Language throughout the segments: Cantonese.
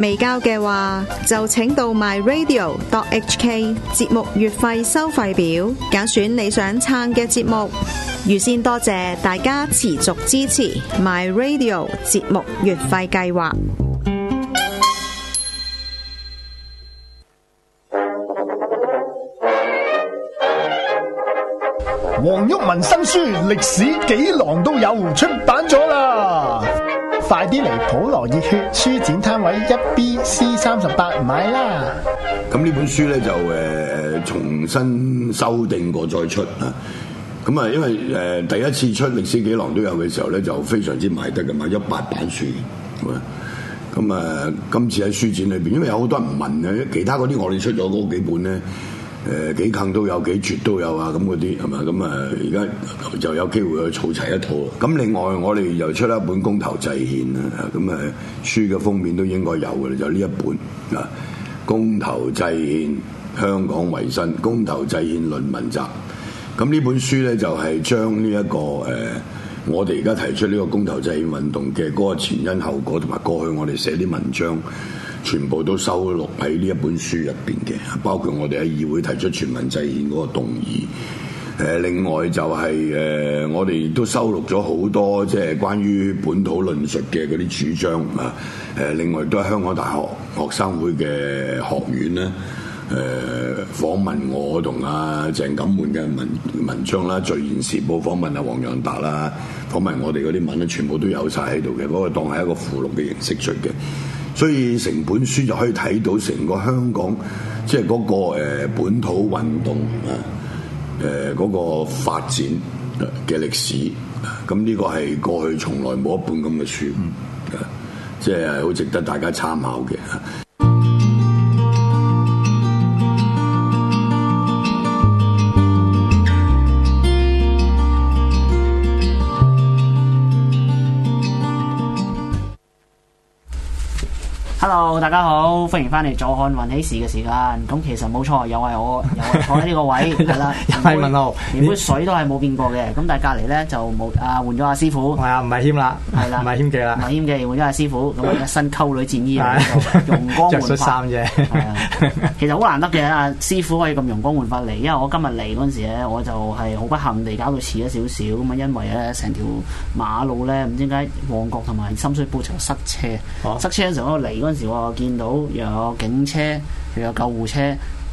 未交嘅話，就請到 myradio.hk 節目月費收費表，揀選你想撐嘅節目。預先多謝，謝大家持續支持 myradio 節目月費計劃。黃毓民新書《歷史幾狼》都有出版咗啦。快啲嚟普羅熱血書展攤位一 B C 三十八買啦！咁呢本書咧，就誒、呃、重新修訂過再出啊！咁啊，因為誒、呃、第一次出《歷史幾郎》都有嘅時候咧，就非常之賣得㗎，賣一百版書。咁啊，啊，今次喺書展裏邊，因為有好多人問嘅，其他嗰啲我哋出咗嗰幾本咧。誒、呃、幾近都有幾絕都有啊！咁嗰啲係嘛？咁誒而家就有機會去儲齊一套。咁另外我哋又出一本《公投制憲》啊。咁誒書嘅封面都應該有嘅就呢一本啊，《公投制憲》香港維新，《公投制憲論文集》啊。咁呢本書咧就係、是、將呢、這、一個誒、啊，我哋而家提出呢個公投制憲運動嘅嗰個前因後果，同埋過去我哋寫啲文章。全部都收錄喺呢一本書入邊嘅，包括我哋喺議會提出全民制憲嗰個動議、呃。另外就係、是、誒、呃，我哋都收錄咗好多即係、就是、關於本土論述嘅嗰啲主張啊。誒、呃，另外都係香港大學學生會嘅學苑咧。誒、呃，訪問我同阿、啊、鄭錦滿嘅文文章啦，聚言時報訪問阿、啊、黃洋達啦，訪問我哋嗰啲文咧，全部都有晒喺度嘅。嗰個當係一個附錄嘅形式出嘅。所以成本書就可以睇到成個香港，即係嗰個、呃、本土運動啊，誒、呃、嗰、嗰個發展嘅歷史，咁呢個係過去從來冇一本咁嘅書，啊，即係好值得大家參考嘅。好，大家好，歡迎翻嚟坐看雲起時嘅時間。咁其實冇錯，又係我，又係坐喺呢個位，係啦。任貴文豪，連杯水都係冇變過嘅。咁但係隔離咧就冇啊，換咗阿師傅。係啊，唔係謙啦，唔係謙記啦，唔係謙記，換咗阿師傅。咁啊一身溝女戰衣嚟，容光煥發啫。其實好難得嘅阿師傅可以咁容光煥發嚟，因為我今日嚟嗰陣時咧，我就係好不幸地搞到遲咗少少咁啊，因為咧成條馬路咧唔知點解旺角同埋深水埗成日塞車，塞車時候，我嚟嗰陣時我見到又有警車，又有救護車，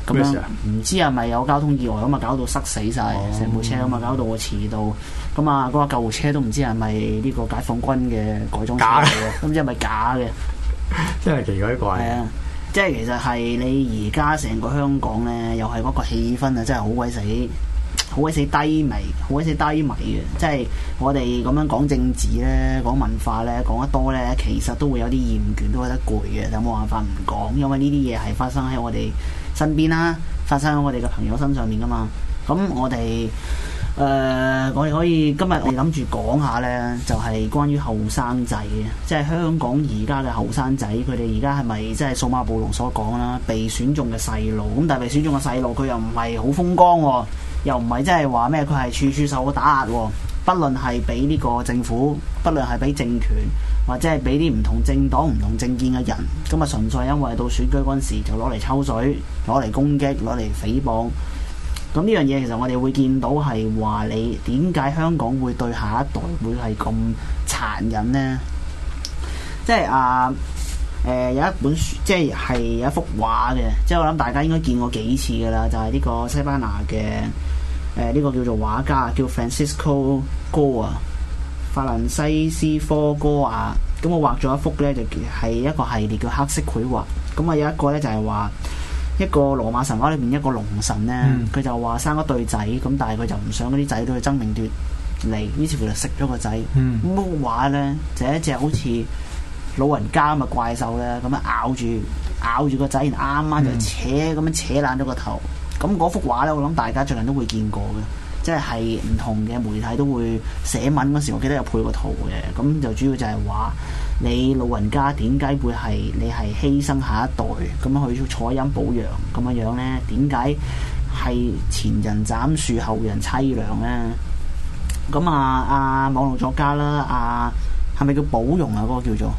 咁樣唔、啊、知係咪有交通意外咁啊，搞到塞死晒，成、嗯、部車啊嘛，搞到我遲到。咁啊，嗰、嗰個救護車都唔知係咪呢個解放軍嘅改裝車嚟嘅，都唔知係咪假嘅的。即係咪假真係奇鬼怪！係啊，即係其實係你而家成個香港咧，又係嗰個氣氛啊，真係好鬼死。好鬼死低迷，好鬼死低迷嘅，即係我哋咁樣講政治咧，講文化咧，講得多咧，其實都會有啲厭倦，都覺得攰嘅，就冇辦法唔講，因為呢啲嘢係發生喺我哋身邊啦，發生喺我哋嘅朋友身上面噶嘛，咁我哋。誒，uh, 我哋可以今日我哋諗住講下呢，就係、是、關於後生仔嘅，即係香港而家嘅後生仔，佢哋而家係咪即係數碼暴龍所講啦？被選中嘅細路，咁但係被選中嘅細路，佢又唔係好風光喎、哦，又唔係即係話咩？佢係處處受到打壓喎、哦，不論係俾呢個政府，不論係俾政權，或者係俾啲唔同政黨、唔同政見嘅人，咁啊純粹因為到選舉嗰時就攞嚟抽水，攞嚟攻擊，攞嚟誹謗。咁呢樣嘢其實我哋會見到係話你點解香港會對下一代會係咁殘忍呢？即係啊，誒、呃呃、有一本書，即係有一幅畫嘅，即係我諗大家應該見過幾次噶啦，就係、是、呢個西班牙嘅誒呢個叫做畫家叫 Francisco Goya，法蘭西斯科哥啊，咁、嗯、我畫咗一幅呢，就係、是、一個系列叫「黑色繪畫」，咁、嗯、啊有一個呢，就係、是、話。一個羅馬神話裏面一個龍神呢，佢、嗯、就話生咗對仔，咁但係佢就唔想嗰啲仔都去爭名奪利，於是乎就食咗個仔。咁幅、嗯、畫呢，就一隻好似老人家咁嘅怪獸呢，咁樣咬住咬住個仔，啱啱就扯咁、嗯、樣扯爛咗個頭。咁、那、嗰、個、幅畫呢，我諗大家最近都會見過嘅，即係係唔同嘅媒體都會寫文嗰時，我記得有配過圖嘅，咁就主要就係畫。你老人家點解會係你係犧牲下一代咁樣去採陰補陽咁樣樣咧？點解係前人斬樹後人淒涼咧？咁啊啊網絡作家啦，啊係咪叫保容啊？嗰、那個叫做，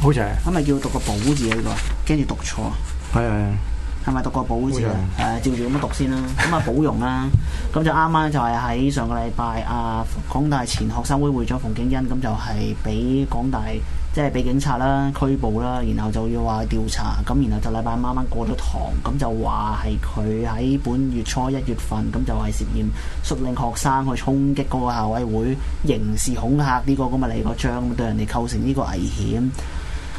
好似啊，咁咪叫讀個保字啊？呢、這個驚、啊、住讀錯、啊，係係係咪讀個保字啊？誒、啊啊，照住咁樣讀先啦。咁 啊保容啦，咁就啱啱就係喺上個禮拜，啊港大前學生會會長馮敬恩。咁就係俾港大。即係俾警察啦，拘捕啦，然後就要話調查，咁然後就禮拜晚晚過咗堂，咁就話係佢喺本月初一月份，咁就係涉嫌率領學生去衝擊嗰個校委會，刑事恐嚇呢個咁啊李國章，對人哋構成呢個危險。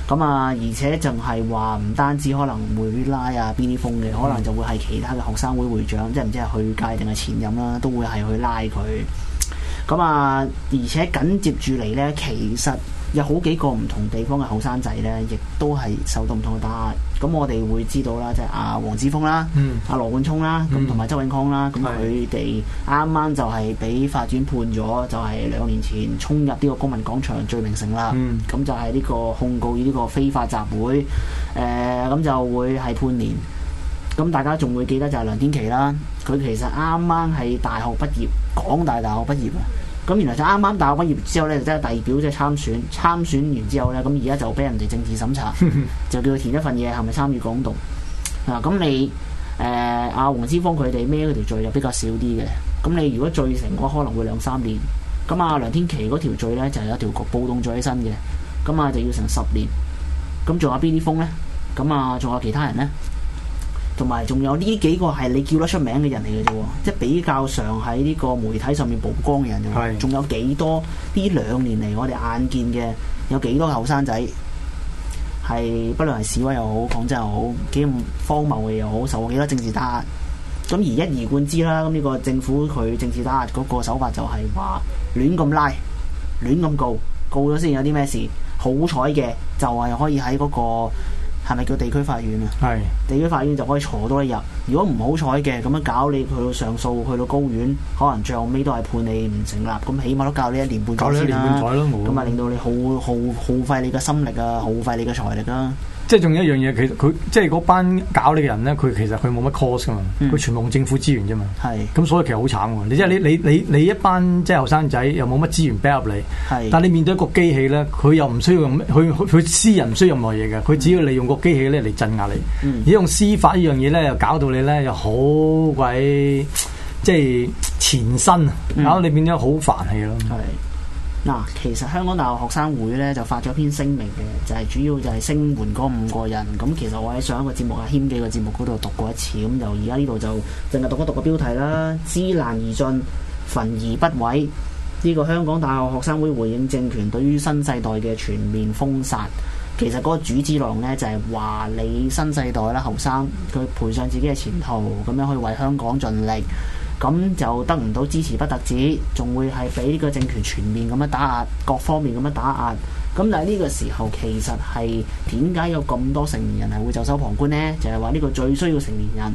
咁啊，而且仲係話唔單止可能會拉啊邊啲風嘅，可能就會係其他嘅學生會會長，即係唔知係許界定係前任啦，都會係去拉佢。咁啊，而且緊接住嚟呢，其實。.有好幾個唔同地方嘅後生仔呢，亦都係受到唔同嘅打壓。咁我哋會知道、就係啊、啦，即係阿黃之鋒啦，阿、啊、羅冠聰啦，咁同埋周永康啦，咁佢哋啱啱就係俾法院判咗，就係兩年前衝入呢個公民廣場罪名成啦。咁、嗯、就係呢個控告呢個非法集會，誒、呃、咁就會係判年。咁大家仲會記得就係梁天琦啦，佢其實啱啱係大學畢業，港大大學畢業。咁原來就啱啱大學畢業之後咧，就即係代表即係參選，參選完之後咧，咁而家就俾人哋政治審查， 就叫佢填一份嘢，係咪參與港獨？嗱、啊，咁你誒阿黃之鋒佢哋孭嗰條罪就比較少啲嘅，咁你如果罪成嘅話，可能會兩三年。咁阿梁天琦嗰條罪咧，就係有一條暴動罪起身嘅，咁啊就要成十年。咁仲有邊啲風咧？咁啊，仲有其他人咧？同埋仲有呢幾個係你叫得出名嘅人嚟嘅啫，即係比較常喺呢個媒體上面曝光嘅人啫。仲的有幾多？呢兩年嚟我哋眼見嘅有幾多後生仔係不論係示威又好，講真又好，幾咁荒謬嘅又好，受過幾多政治打壓？咁而一而貫之啦，咁呢個政府佢政治打壓嗰個手法就係話亂咁拉，亂咁告，告咗先有啲咩事？好彩嘅就係可以喺嗰個。係咪叫地區法院啊？是地區法院就可以坐多一日。如果唔好彩嘅，咁樣搞你去到上訴，去到高院，可能最後尾都係判你唔成立。咁起碼都搞你一年半載先啦。咁啊，好令到你耗耗耗費你嘅心力啊，耗費你嘅財力啦、啊。即係仲有一樣嘢，其實佢即係嗰班搞你嘅人咧，佢其實佢冇乜 cost 噶嘛，佢、嗯、全部用政府資源啫嘛。係是，咁所以其實好慘嘅。你即係你你你你一班即係後生仔又冇乜資源俾入你，是但係你面對一個機器咧，佢又唔需要用，佢佢私人唔需要任何嘢嘅，佢只要利用個機器咧嚟鎮壓你。嗯、而用司法呢樣嘢咧，又搞到你咧又好鬼即係纏身，搞到你變咗好煩氣咯。嗯嗱、啊，其實香港大學學生會咧就發咗篇聲明嘅，就係、是、主要就係聲援嗰五個人。咁其實我喺上一個節目啊，謙記個節目嗰度讀過一次，咁、嗯、就而家呢度就淨係讀一讀一個標題啦。知難而進，焚而不毀。呢、這個香港大學學生會回應政權對於新世代嘅全面封殺。其實嗰個主旨朗呢，就係、是、話你新世代啦，學生佢賠上自己嘅前途，咁樣去為香港盡力。咁就得唔到支持不得止，仲會係俾呢個政權全面咁樣打壓，各方面咁樣打壓。咁但係呢個時候，其實係點解有咁多成年人係會袖手旁觀呢？就係話呢個最需要成年人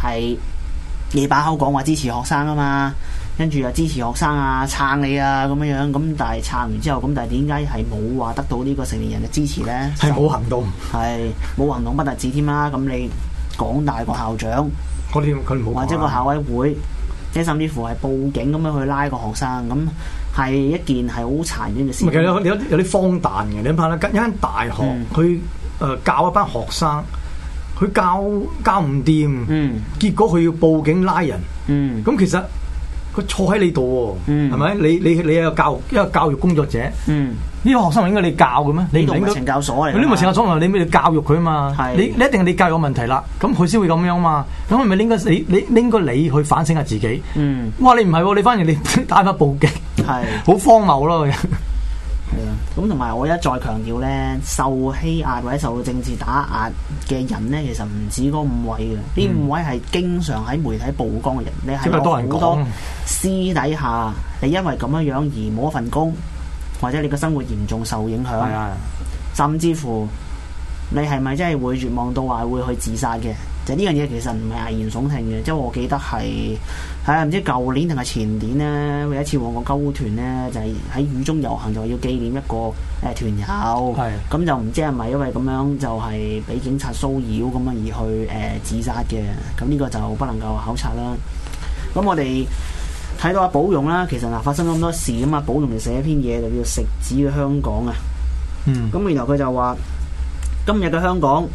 係野把口講話支持學生啊嘛，跟住又支持學生啊撐你啊咁樣樣。咁但係撐完之後，咁但係點解係冇話得到呢個成年人嘅支持呢？係冇行動，係冇行動不得止添啦。咁你港大個校長，或者個校委會。即係甚至乎係報警咁樣去拉個學生，咁係一件係好殘忍嘅事。其實 有啲荒誕嘅，你諗下啦，一間大學佢誒教一班學生，佢教教唔掂，嗯，結果佢要報警拉人，嗯，咁 其實佢錯喺你度喎，嗯，係咪？你你你係個教一個教育工作者，嗯。 呢個學生唔應該你教嘅咩？你唔應該，你咪懲教所嚟。你咪懲教所，你咪要教育佢啊嘛。你你一定係你教育嘅問題啦。咁佢先會咁樣啊嘛。咁係咪應該你你應該你去反省下自己？嗯，哇，你唔係，你反而你大發暴擊，係好荒謬咯。係啊。咁同埋我一再強調咧，受欺壓或者受到政治打壓嘅人咧，其實唔止嗰五位嘅。呢五位係經常喺媒體曝光嘅人。你係多人講私底下，你因為咁樣樣而冇一份工。或者你個生活嚴重受影響， 甚至乎你係咪真係會絕望到話會去自殺嘅？就呢樣嘢其實唔係危言聳聽嘅，即、就、係、是、我記得係係啊唔知舊年定係前年呢，有一次旺角鳩團呢，就係、是、喺雨中遊行，就係要紀念一個誒、呃、團友，咁 就唔知係咪因為咁樣就係俾警察騷擾咁樣而去誒、呃、自殺嘅？咁呢個就不能夠考察啦。咁我哋。睇到阿保容啦，其實嗱發生咗咁多事咁啊。保容嚟寫一篇嘢，就叫食指嘅香港啊。嗯，咁然後佢就話今日嘅香港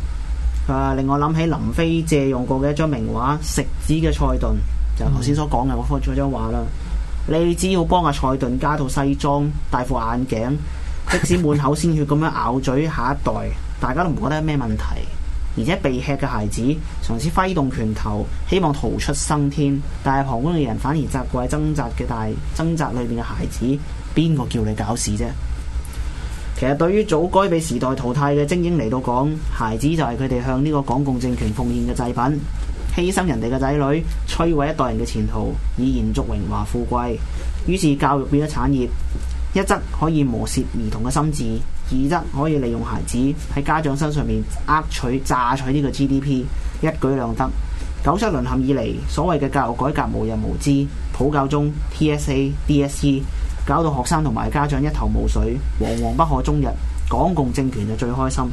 啊，令我諗起林飛借用過嘅一張名畫《食指嘅蔡頓》，就頭、是、先所講嘅我放咗張畫啦。嗯、你只要幫阿蔡頓加套西裝，戴副眼鏡，即使滿口鮮血咁樣咬嘴，下一代 大家都唔覺得有咩問題。而且被吃嘅孩子，從此揮動拳頭，希望逃出生天。但係旁觀嘅人反而責怪掙扎嘅大掙扎裏面嘅孩子。邊個叫你搞事啫？其實對於早該被時代淘汰嘅精英嚟到講，孩子就係佢哋向呢個港共政權奉獻嘅祭品，犧牲人哋嘅仔女，摧毀一代人嘅前途，以延續榮華富貴。於是教育變咗產業，一則可以磨蝕兒童嘅心智。二則可以利用孩子喺家長身上面呃取榨取呢個 GDP，一舉兩得。九七淪陷以嚟，所謂嘅教育改革無人無知，普教中 TSA、DSE，搞到學生同埋家長一頭霧水，惶惶不可終日。港共政權就最開心。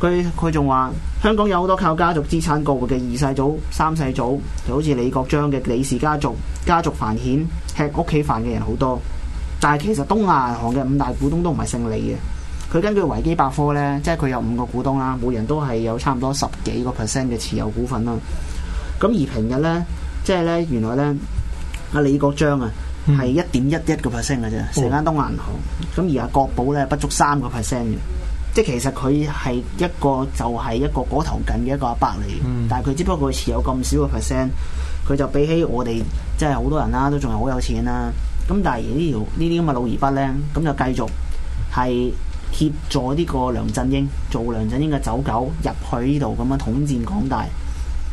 佢佢仲話，香港有好多靠家族資產過活嘅二世祖、三世祖，就好似李國章嘅李氏家族，家族繁衍，吃屋企飯嘅人好多。但係其實東亞銀行嘅五大股東都唔係姓李嘅，佢根據維基百科咧，即係佢有五個股東啦，每人都係有差唔多十幾個 percent 嘅持有股份啦。咁而平日咧，即係咧原來咧，阿李國章啊，係一點一一個 percent 嘅啫，成間東亞銀行。咁而阿國寶咧不足三個 percent 嘅，即係其實佢係一個就係一個嗰頭近嘅一個阿伯嚟，嗯、但係佢只不過佢持有咁少嘅 percent，佢就比起我哋即係好多人啦、啊，都仲係好有錢啦、啊。咁但係呢條呢啲咁嘅老而不咧，咁就繼續係協助呢個梁振英做梁振英嘅走狗入去呢度咁樣統戰港大，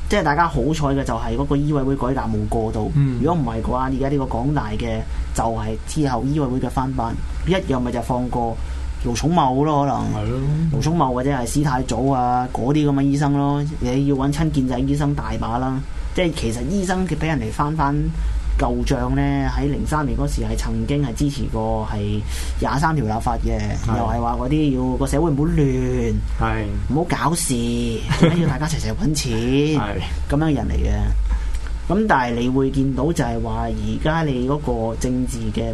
即係大家好彩嘅就係嗰個醫委會改革冇過到，如果唔係嘅話，而家呢個港大嘅就係之後醫委會嘅翻版，一樣咪就放過盧寵茂咯，可能，嗯、盧寵茂或者係史太祖啊嗰啲咁嘅醫生咯，你要揾親建制醫生大把啦，即係其實醫生佢俾人哋翻翻。舊賬呢，喺零三年嗰時係曾經係支持過係廿三條立法嘅，是的 又係話嗰啲要個社會唔好亂，唔好是的 搞事， 要大家齊齊揾錢，咁是的 樣嘅人嚟嘅。咁但係你會見到就係話，而家你嗰個政治嘅，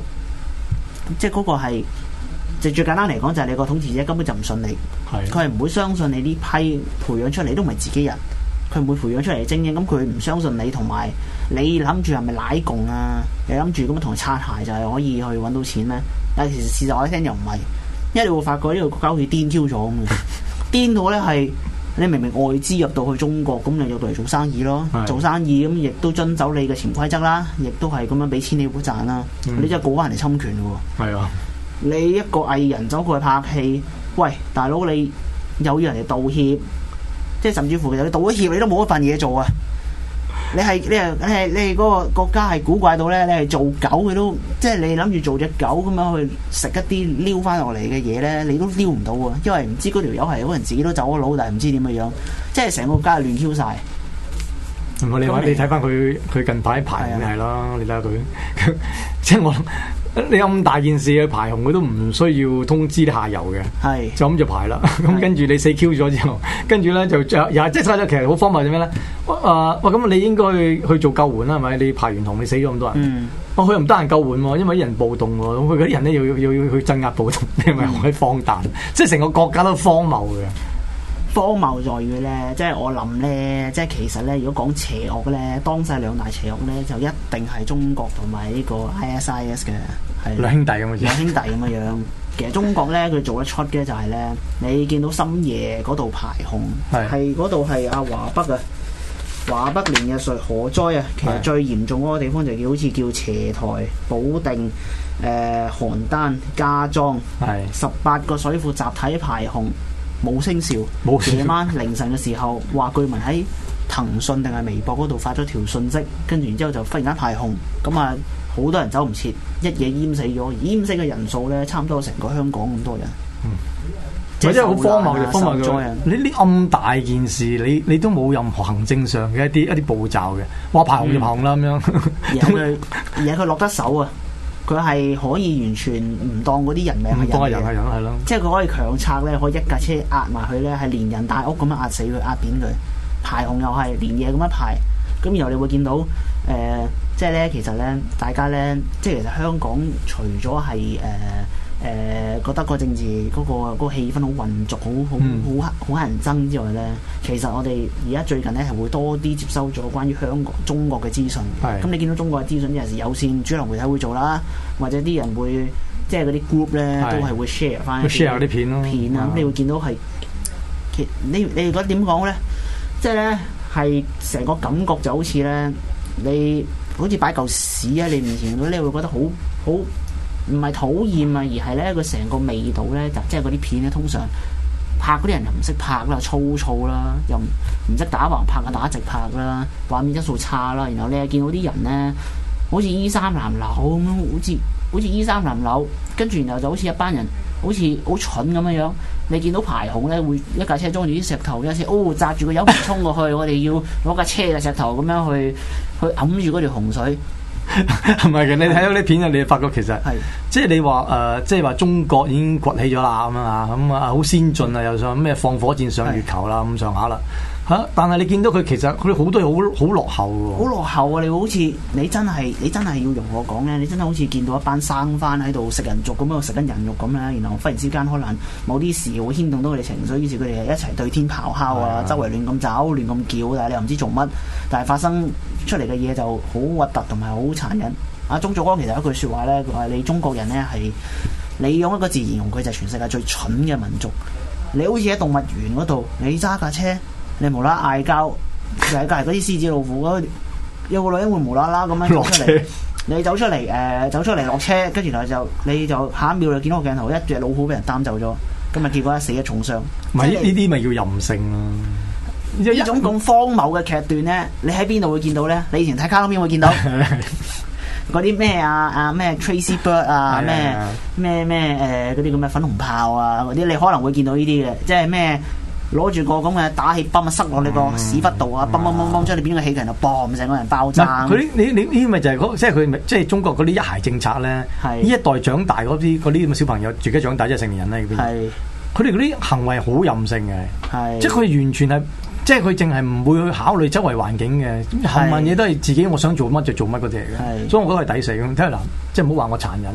即係嗰個係，就最簡單嚟講就係你個統治者根本就唔信你，佢係唔會相信你呢批培養出嚟都唔係自己人。佢唔會培養出嚟嘅精英，咁佢唔相信你，同埋你諗住係咪奶共啊？你諗住咁樣同佢擦鞋就係可以去揾到錢咩？但係其實事實我一聽又唔係，因為你會發覺呢個國家好似顛超咗咁嘅，顛到 呢係你明明外資入到去中國，咁又入到嚟做生意咯，是做生意咁亦都遵守你嘅潛規則啦，亦都係咁樣俾錢你股賺啦，嗯、你真係告翻人哋侵權嘅喎。係啊，你一個藝人走過去拍戲，喂大佬你又要人哋道歉？即係甚至乎其實你道咗歉你都冇一份嘢做啊！你係你係你係嗰個國家係古怪到咧，你係做狗佢都即係你諗住做隻狗咁樣去食一啲溜翻落嚟嘅嘢咧，你都溜唔到啊，因為唔知嗰條友係可能自己都走咗佬，但係唔知點嘅樣，即係成個國家亂竄曬。唔係你話你睇翻佢，佢近排排係咯，你睇下佢即係我。你有咁大件事去排洪，佢都唔需要通知啲下游嘅，是就咁就排啦。咁的跟住你死 Q 咗之後，跟住咧就着。又即係，其實好荒謬嘅咩咧？啊、呃，喂，咁你應該去做救援啦，係咪？你排完洪，你死咗咁多人，我佢、嗯哦、又唔得閒救援喎，因為啲人暴動喎，咁佢嗰啲人咧要要要要去鎮壓暴動，你係咪好荒誕？即係成個國家都荒謬嘅。荒謬在於呢，即係我諗呢，即係其實呢，如果講邪惡呢，當世兩大邪惡呢，就一定係中國同埋呢個 ISIS 嘅 IS，係兩兄弟咁嘅樣，樣。兩兄弟咁嘅樣，其實中國呢，佢做得出嘅就係呢。你見到深夜嗰度排洪，係嗰度係阿華北啊，華北連日水火災啊，其實最嚴重嗰個地方就好叫好似叫斜台保定，誒、呃，邯鄲、家莊，係十八個水庫集體排洪。冇聲笑，夜 晚凌晨嘅時候，話居民喺騰訊定係微博嗰度發咗條信息，跟住然之後就忽然間排洪，咁啊，好多人走唔切，一夜淹死咗，淹死嘅人數咧，差唔多成個香港咁多人。嗯，真係好荒謬，荒謬嘅。啊、你啲咁大件事，你你都冇任何行政上嘅一啲一啲步驟嘅，話排洪就行啦咁樣， 而佢而佢落得手啊！ 佢係可以完全唔當嗰啲人命係人嘅，人即係佢可以強拆咧，可以一架車壓埋佢咧，係連人大屋咁樣壓死佢，壓扁佢。排洪又係連夜咁樣排，咁然後你會見到誒、呃，即係咧，其實咧，大家咧，即係其實香港除咗係誒。呃誒、呃、覺得個政治嗰、那個嗰、那個、氣氛好混濁，好好好黑，好乞、嗯、人憎之外咧，其實我哋而家最近咧係會多啲接收咗關於香港中國嘅資訊。咁是、嗯、你見到中國嘅資訊有時有線主流媒體會做啦，或者啲人會即係嗰啲 group 咧是 都係會 share 翻。share 啲片片啊！咁你會見到係，你你，你覺得點講咧？即係咧，係成個感覺就好似咧，你好似擺嚿屎喺你面前，你會覺得好好。好好好唔係討厭啊，而係咧，佢成個味道咧，就即係嗰啲片咧，通常拍嗰啲人又唔識拍啦，粗糙啦，又唔唔識打橫拍啊，打直拍啦，畫面質素差啦。然後咧，見到啲人咧，好似衣衫襤褸咁樣，好似好似衣衫襤褸，跟住然後就好似一班人，好似好蠢咁樣樣。你見到排洪咧，會一架車裝住啲石頭，一車哦，揸住個油門衝過去， 我哋要攞架車嘅石頭咁樣去去揞住嗰條洪水。唔係咪？嘅， 你睇到啲片嘅，你發覺其實係的即係你話誒、呃，即係話中國已經崛起咗啦，咁啊，咁啊好先進啊，又想咩放火箭上月球啦，咁上下啦吓。但係你見到佢，其實佢好多嘢好好落後嘅，好落後啊！你好似你真係，你真係要容我講咧，你真係好似見到一班生番喺度食人族咁樣食緊人肉咁咧，然後忽然之間可能某啲事會牽動到佢哋情緒，於是佢哋一齊對天咆哮啊，的周圍亂咁走、亂咁叫，但係你又唔知做乜，但係發生。出嚟嘅嘢就好核突同埋好殘忍。阿鍾祖康其實有一句説話咧，佢話你中國人咧，係你用一個字形容佢，就係全世界最蠢嘅民族。你好似喺動物園嗰度，你揸架車，你無啦嗌交，就係隔籬嗰啲獅子老虎嗰，有個女人會無啦啦咁樣走出嚟，車你走出嚟誒、呃、走出嚟落車，跟住然後你就就你就下一秒就見到鏡頭一隻老虎俾人擔走咗，咁啊結果一死一重傷。唔係呢啲咪叫任性咯？有一種咁荒謬嘅劇段咧，你喺邊度會見到咧？你以前睇卡通片會見到嗰啲咩啊？啊咩 Tracy Bird 啊？咩咩咩誒嗰啲咁嘅粉紅豹啊？嗰啲你可能會見到呢啲嘅，即係咩攞住個咁嘅打氣泵塞落你個屎忽度啊，嘣嘣嘣嘣將你邊個氣球就嘣，成個人爆炸。佢你你咪就係嗰即係佢即係中國嗰啲一孩政策咧？呢 是一代長大嗰啲嗰啲咁嘅小朋友自己長大即係成年人咧，佢哋嗰啲行為好任性嘅，即係佢完全係。即係佢淨係唔會去考慮周圍環境嘅，冇問嘢都係自己我想做乜就做乜嗰隻嚟嘅，是所以我都係抵死咁。真係難，即係唔好話我殘忍，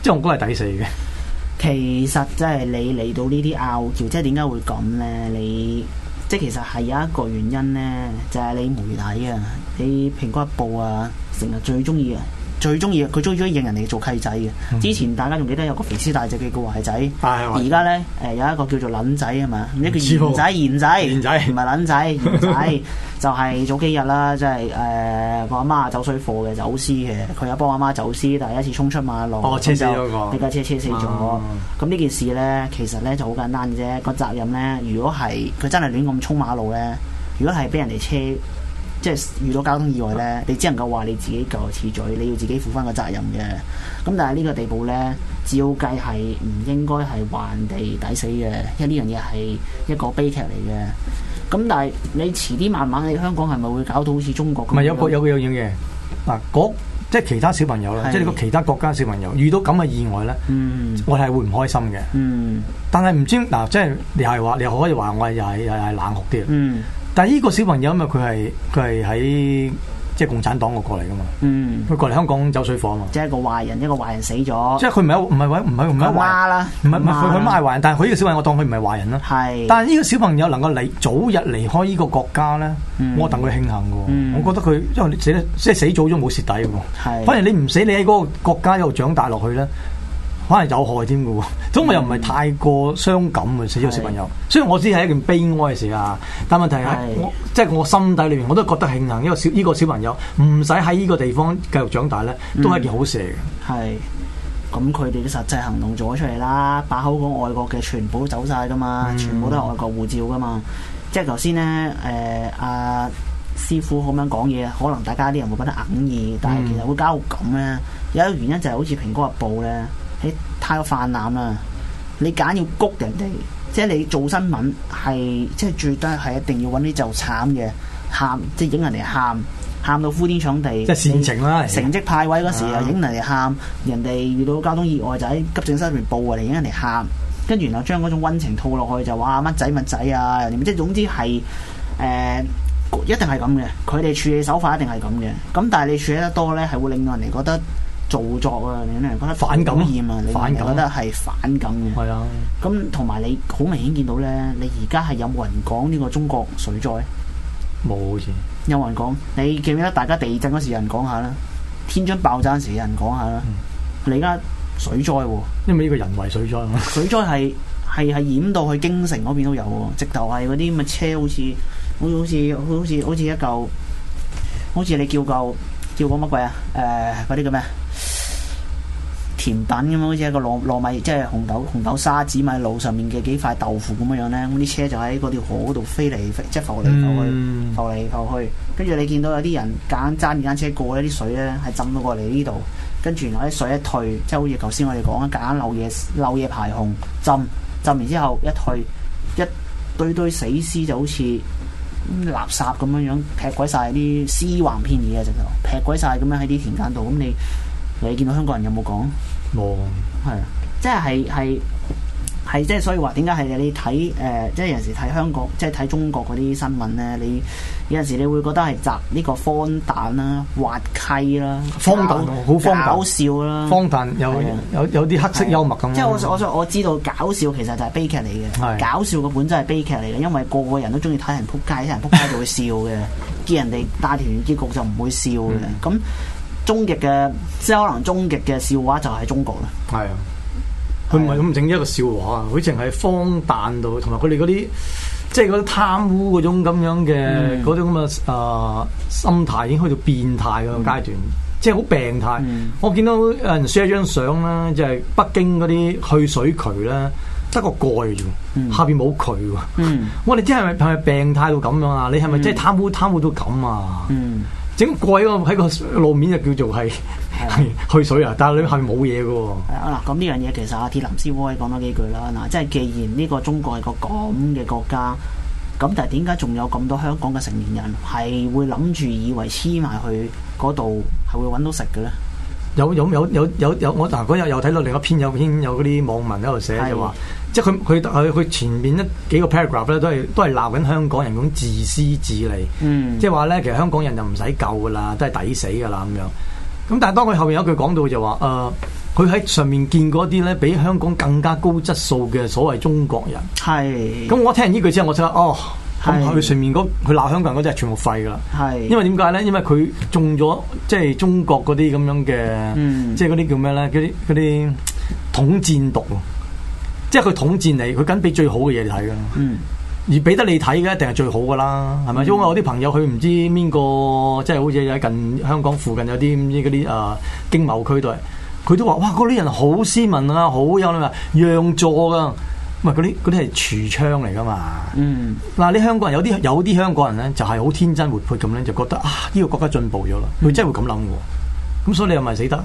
即係我都係抵死嘅。其實即係你嚟到呢啲拗撬，即係點解會咁咧？你即係其實係有一個原因咧，就係、是、你媒體啊，你蘋果報啊，成日最中意啊。最中意，佢中意中意認人嚟做契仔嘅。嗯、之前大家仲記得有個肥屍大隻嘅個壞仔，而家咧誒有一個叫做僆仔啊嘛，一個賢仔賢仔，唔係僆仔賢仔，就係早幾日啦，即係誒個阿媽走水貨嘅走私嘅，佢有幫阿媽走私，但係一次衝出馬路，哦、車死嗰個，一架車車死咗。咁呢、啊、件事咧，其實咧就好簡單啫，個責任咧，如果係佢真係亂咁衝馬路咧，如果係俾人哋車。即係遇到交通意外咧，你只能夠話你自己咎此在，你要自己負翻個責任嘅。咁但係呢個地步咧，照計係唔應該係還地抵死嘅，因為呢樣嘢係一個悲劇嚟嘅。咁但係你遲啲慢慢，喺香港係咪會搞到好似中國咁？唔係有個有，個有樣嘢，嘅？嗱，即係其他小朋友啦，是即係你個其他國家小朋友遇到咁嘅意外咧，嗯、我係會唔開心嘅。嗯、但係唔知嗱、啊，即係你係話，你可以話我係又係又係冷酷啲。嗯但係呢個小朋友，因為佢係佢係喺即係共產黨嗰個嚟噶嘛，佢、嗯、過嚟香港走水貨啊嘛，即係一個壞人，一個壞人死咗，即係佢唔係唔係唔係唔係壞人，唔係唔係佢佢係壞人，但係佢呢個小朋友，我當佢唔係壞人啦。係是，但係呢個小朋友能夠離早日離開呢個國家咧，我戥佢慶幸嘅。我覺得佢、嗯、因為死得即係死早咗，冇蝕底嘅。係，反而你唔死，你喺嗰個國家度長大落去咧。可能有害添嘅喎，咁我又唔係太過傷感嘅死咗小朋友。嗯、雖然我知係一件悲哀嘅事啊，但問題係是我即係、就是、我心底裏面我都覺得慶幸，因為小依個小朋友唔使喺依個地方繼續長大咧，都係一件好事嘅。係、嗯，咁佢哋嘅實際行動做咗出嚟啦，把口講外國嘅全部走晒噶嘛，全部都係、嗯、外國護照噶嘛。即係頭先咧，誒、呃、阿、啊、師傅咁樣講嘢，可能大家啲人會覺得硬意，但係其實會交感咧。有一個原因就係好似蘋果日報咧。呢你太有泛濫啦！你揀要谷人哋，即係你做新聞，係即係最得，係一定要揾啲就慘嘅，喊即係影人哋喊，喊到呼天搶地。即係煽情啦、啊，成績派位嗰時又影人哋喊，啊、人哋遇到交通意外就喺急症室入面報嚟影人哋喊，跟住然後將嗰種溫情套落去就話乜仔乜仔啊！即係總之係誒、呃，一定係咁嘅。佢哋處理手法一定係咁嘅。咁但係你處理得多咧，係會令到人哋覺得。造作啊！你覺得、啊、反感厭啊！你反覺得係反感嘅。係啊。咁同埋你好明顯見到咧，你而家係有冇人講呢個中國水災？冇好似。有冇人講？你記唔記得大家地震嗰時有人講下啦？天津爆炸嗰時有人講下啦。嗯、你而家水災喎、啊？因為呢個人為水災啊嘛。水災係係係淹到去京城嗰邊都有嘅，直頭係嗰啲咁嘅車，好似好似好似好似好似一嚿，好似你叫嚿叫個乜鬼啊？誒、呃，嗰啲叫咩？甜品咁樣好似一個糯糯米，即係紅豆紅豆沙、紫米露上面嘅幾塊豆腐咁樣樣咧，咁啲車就喺嗰條河度飛嚟飛，即係浮嚟浮，浮，浮去，浮嚟浮去。跟住你見到有啲人揀揸電單車過一啲水咧，係浸到過嚟呢度。跟住然後啲水一退，即係好似頭先我哋講啊，揀漏嘢漏嘢排洪，浸浸完之後一退，一堆堆死屍就好似垃圾咁樣樣劈鬼曬啲屍橫遍野成度，劈鬼晒咁樣喺啲田間度咁你。你見到香港人有冇講？冇，係啊，即係係係即係，所以話點解係你睇誒，即係有陣時睇香港，即係睇中國嗰啲新聞咧，你有陣時你會覺得係集呢個荒誕啦、滑稽啦、荒誕好搞笑啦、荒誕有有有啲黑色幽默咁。即係我我想我知道搞笑其實就係悲劇嚟嘅，搞笑嘅本質係悲劇嚟嘅，因為個個人都中意睇人撲街，睇人撲街就會笑嘅，見人哋大團圓結局就唔會笑嘅，咁。終極嘅，即係可能終極嘅笑話就係中國啦。係啊，佢唔係咁整一個笑話啊，佢淨係荒誕到，同埋佢哋嗰啲，即係嗰啲貪污嗰種咁樣嘅，嗰、嗯、種咁嘅啊心態已經去到變態嘅階段，嗯、即係好病態。嗯、我見到有人 share 張相啦，即係北京嗰啲去水渠咧，得個蓋嘅啫，下邊冇渠。嗯，我哋真係咪係咪病態到咁樣啊？你係咪真係貪污貪污到咁啊？嗯。整貴喺個路面就叫做係係的 去水啊！但係你下冇嘢嘅喎。係啊嗱，咁呢樣嘢其實阿鐵男師哥講咗幾句啦嗱，即係既然呢個中國係個咁嘅國家，咁但係點解仲有咁多香港嘅成年人係會諗住以為黐埋去嗰度係會揾到食嘅咧？有有有有有有我，嗱嗰日又睇到另一篇有篇有嗰啲網民喺度寫話的。就即係佢佢佢前面一幾個 paragraph 咧，都係都係鬧緊香港人咁自私自利，嗯、即係話咧，其實香港人就唔使救噶啦，都係抵死噶啦咁樣。咁但係當佢後面有一句講到就話誒，佢、呃、喺上面見過啲咧，比香港更加高質素嘅所謂中國人，係。咁我聽完呢句之後，我覺得哦，咁佢上面嗰佢鬧香港人嗰啲係全部廢㗎啦，係是。因為點解咧？因為佢中咗即係中國嗰啲咁樣嘅，嗯、即係嗰啲叫咩咧？啲嗰啲統戰毒。即係佢統戰你，佢緊俾最好嘅嘢，嗯、你睇噶啦。而俾得你睇嘅一定係最好噶啦，係咪，嗯？因為我啲朋友佢唔知邊個，即係好似喺近香港附近有啲啲啊經貿區度，佢都話：哇，嗰啲人好斯文啊，好有禮讓座噶。唔，嗰啲啲係櫥窗嚟噶嘛。嗯，嗱，啊，你香港人有啲有啲香港人咧，就係好天真活潑咁咧，就覺得啊，呢個國家進步咗啦，佢真係會咁諗喎。咁所以你又咪死得啊？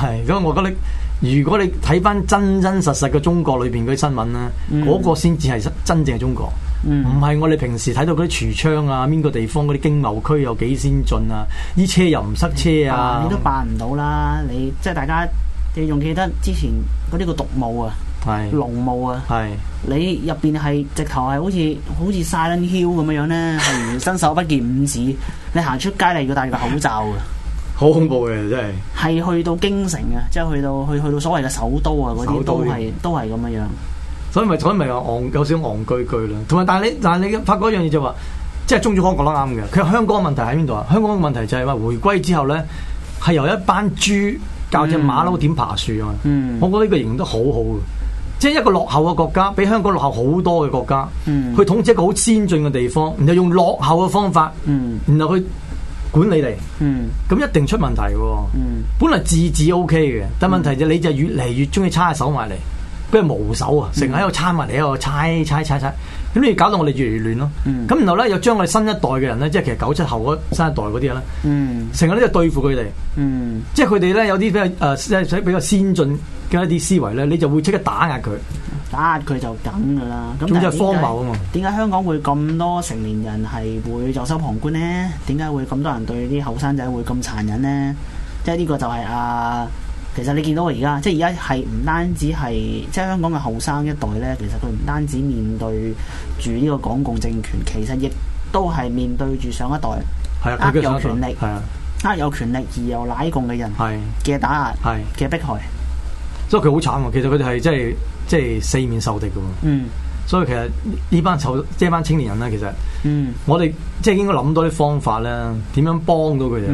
係， 因我覺得你。如果你睇翻真真實實嘅中國裏邊嗰啲新聞啦，嗰、嗯、個先至係真正嘅中國，唔係、嗯、我哋平時睇到嗰啲櫥窗啊，邊個地方嗰啲經貿區有幾先進啊，啲車又唔塞車啊，嗯、你都扮唔到啦！你即係大家，你仲記得之前嗰啲個毒霧啊，濃是霧啊，是你入邊係直頭係好似好似 Silent Hill 咁樣樣咧，伸手不見五指， 你行出街嚟要戴個口罩啊。 好恐怖嘅，真係係去到京城啊！即係去到去去到所謂嘅首都啊，嗰啲都係都係咁樣樣。所以咪所以咪戇有少少戇居居啦。同埋，但係你但係你發覺一樣嘢就話、是，即係鍾志康講得啱嘅。佢香港問題喺邊度啊？香港嘅問題就係話回歸之後咧，係由一班豬教隻馬騮點爬樹啊！嗯嗯、我覺得呢個形容得好好嘅，即係一個落後嘅國家，比香港落後好多嘅國家。嗯、去統治一個好先進嘅地方，然後用落後嘅方法，然後佢。管理嚟，咁、嗯、一定出問題喎。嗯、本嚟自治 O K 嘅，嗯、但問題就你就越嚟越中意叉手埋嚟，佢係、嗯、無手啊，成日喺度叉埋嚟喺度叉叉叉叉，咁你搞到我哋越嚟越亂咯。咁、嗯、然後咧又將我哋新一代嘅人咧，即係其實九七後新一代嗰啲人咧，成日、嗯、都係對付佢哋，嗯、即係佢哋咧有啲比較誒，即、呃、係比較先進。加一啲思維咧，你就會即刻打壓佢，打壓佢就梗噶啦。咁就係荒謬吖嘛，但係點解香港會咁多成年人係會袖手旁觀咧？點解會咁多人對啲後生仔會咁殘忍咧？即係呢個就係啊，其實你見到我而家即係而家係唔單止係即係香港嘅後生一代咧，其實佢唔單止面對住呢個港共政權，其實亦都係面對住上一代握有權力、握的有權力而又奶共嘅人嘅打壓，嘅的迫害。所以佢好慘，其實佢哋係即係即係四面受敵噶。嗯，所以其實呢班即係班青年人咧，其實嗯，我哋即係應該諗多啲方法咧，點樣幫到佢哋？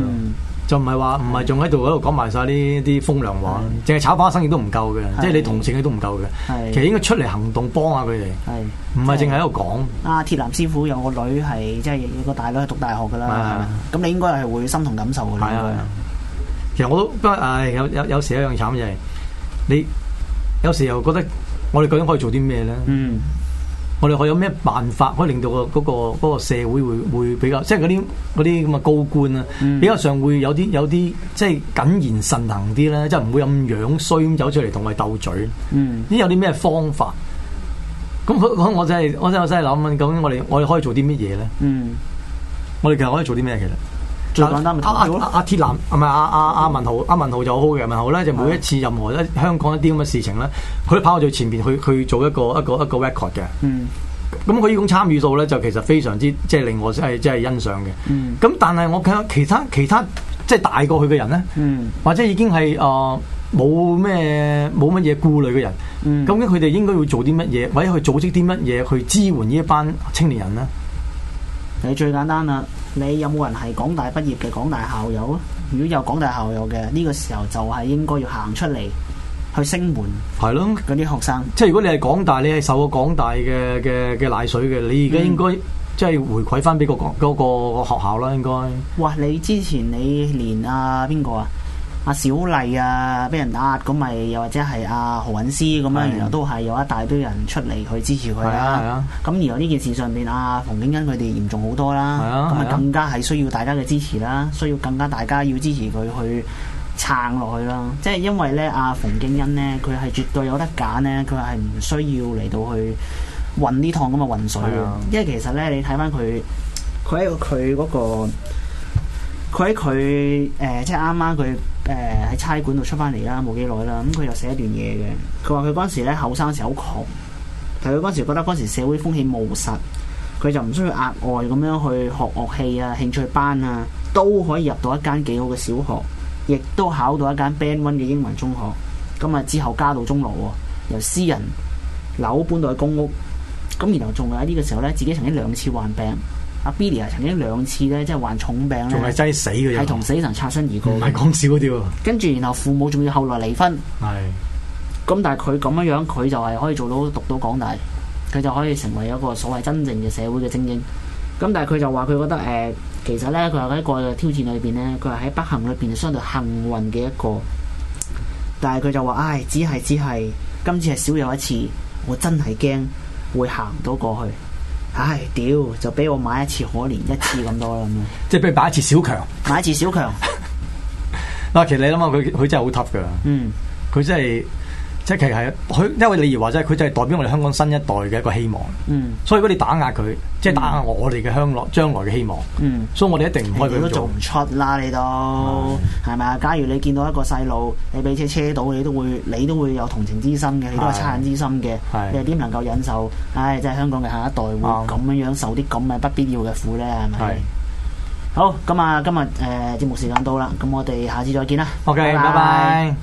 就唔係話唔係仲喺度喺度講埋晒呢啲風涼話，淨係炒花生亦都唔夠嘅，即係你同情嘅都唔夠嘅。其實應該出嚟行動幫下佢哋。係唔係淨係喺度講？啊，鐵男師傅有個女係即係有個大女去讀大學噶啦。咁你應該係會心同感受嘅。係啊係啊。其實我都不係有有有時一樣慘就係。你有時候覺得我哋究竟可以做啲咩咧？嗯，mm. 我哋可以有咩辦法可以令到個嗰個個社會會會比較，即係嗰啲啲咁嘅高官啊，mm. 比較上會有啲有啲即係謹言慎行啲咧，即係唔會咁樣衰咁走出嚟同我哋鬥嘴。嗯，啲有啲咩方法？咁我，我真係我真我真係諗緊究竟，我哋我哋可以做啲乜嘢咧？嗯，mm. 我哋其實可以做啲咩其實？最簡單咪？阿阿鐵男，唔係阿阿阿文豪，阿、啊、文豪就好嘅。文豪咧就每一次任何一香港一啲咁嘅事情咧，佢都跑到最前邊去去做一個一個一個 record 嘅。嗯。咁佢呢種參與度咧，就其實非常之即係令我係即係欣賞嘅。咁、嗯、但係我睇下其他其他即係、即係、大過佢嘅人咧，嗯。或者已經係誒冇咩冇乜嘢顧慮嘅人，嗯。究竟佢哋應該會做啲乜嘢，或者去組織啲乜嘢去支援呢一班青年人咧？你最簡單啦。你有冇人係港大畢業嘅港大校友啊？如果有港大校友嘅呢、這個時候就係應該要行出嚟去聲援，係咯，嗰啲學生。即係如果你係港大，你係受過港大嘅嘅嘅奶水嘅，你而家應該、嗯、即係回饋翻俾個港、那個那個學校啦。應該。哇！你之前你連阿邊個啊？阿小麗啊，俾人打壓咁咪又或者係阿、啊、何韻詩咁樣，的然後都係有一大堆人出嚟去支持佢啦。咁而有呢件事上面，阿、啊、馮敬恩佢哋嚴重好多啦。咁啊的更加係需要大家嘅支持啦，需要更加大家要支持佢去撐落去啦。即係因為咧，阿馮敬恩咧，佢係絕對有得揀咧，佢係唔需要嚟到去混呢趟咁嘅混水的因為其實咧，你睇翻佢，佢喺佢嗰個，佢喺佢誒，即係啱啱佢。誒喺差館度出翻嚟啦，冇幾耐啦，咁、嗯、佢就寫一段嘢嘅。佢話佢嗰陣時咧，後生嘅時候好窮，但佢嗰陣時覺得嗰時社會風氣務實，佢就唔需要額外咁樣去學樂器啊、興趣班啊，都可以入到一間幾好嘅小學，亦都考到一間 Band One 嘅英文中學。咁、嗯、啊之後家到中落喎、啊，由私人樓搬到去公屋，咁、嗯、然後仲喺呢個時候咧，自己曾經兩次患病。阿 Billy 啊，曾經兩次咧，即係患重病咧，仲係真死嘅人，係同死神擦身而過，唔係講少啲喎。跟住，然後父母仲要後來離婚。係是。咁、嗯、但係佢咁樣樣，佢就係可以做到讀到港大，佢就可以成為一個所謂真正嘅社會嘅精英。咁、嗯、但係佢就話佢覺得誒、呃，其實咧佢喺一個挑戰裏邊咧，佢係喺不幸裏邊相對幸運嘅一個。但係佢就話，唉、哎，只係只係今次係少有一次，我真係驚會行唔到過去。唉，屌！就俾我買一次可憐一次咁多啦咁，即係俾你買一次小強，買一次小強。嗱， 其實你諗下佢，佢真係好 tough 噶，嗯，佢真係。即係其實佢因為你而話齋，佢就係代表我哋香港新一代嘅一個希望。嗯。所以如果你打壓佢，即係打壓我哋嘅香港將來嘅希望。嗯。所以我哋一定係佢都做唔出啦，你都係咪啊？假如你見到一個細路，你俾車車到，你都會你都會有同情之心嘅，你係惻隱之心嘅。係。係。你點能夠忍受？唉、哎，即係香港嘅下一代會咁樣受啲咁嘅不必要嘅苦咧？係咪？係。好，咁啊，今日誒節目時間到啦，咁我哋下次再見啦。OK，拜拜。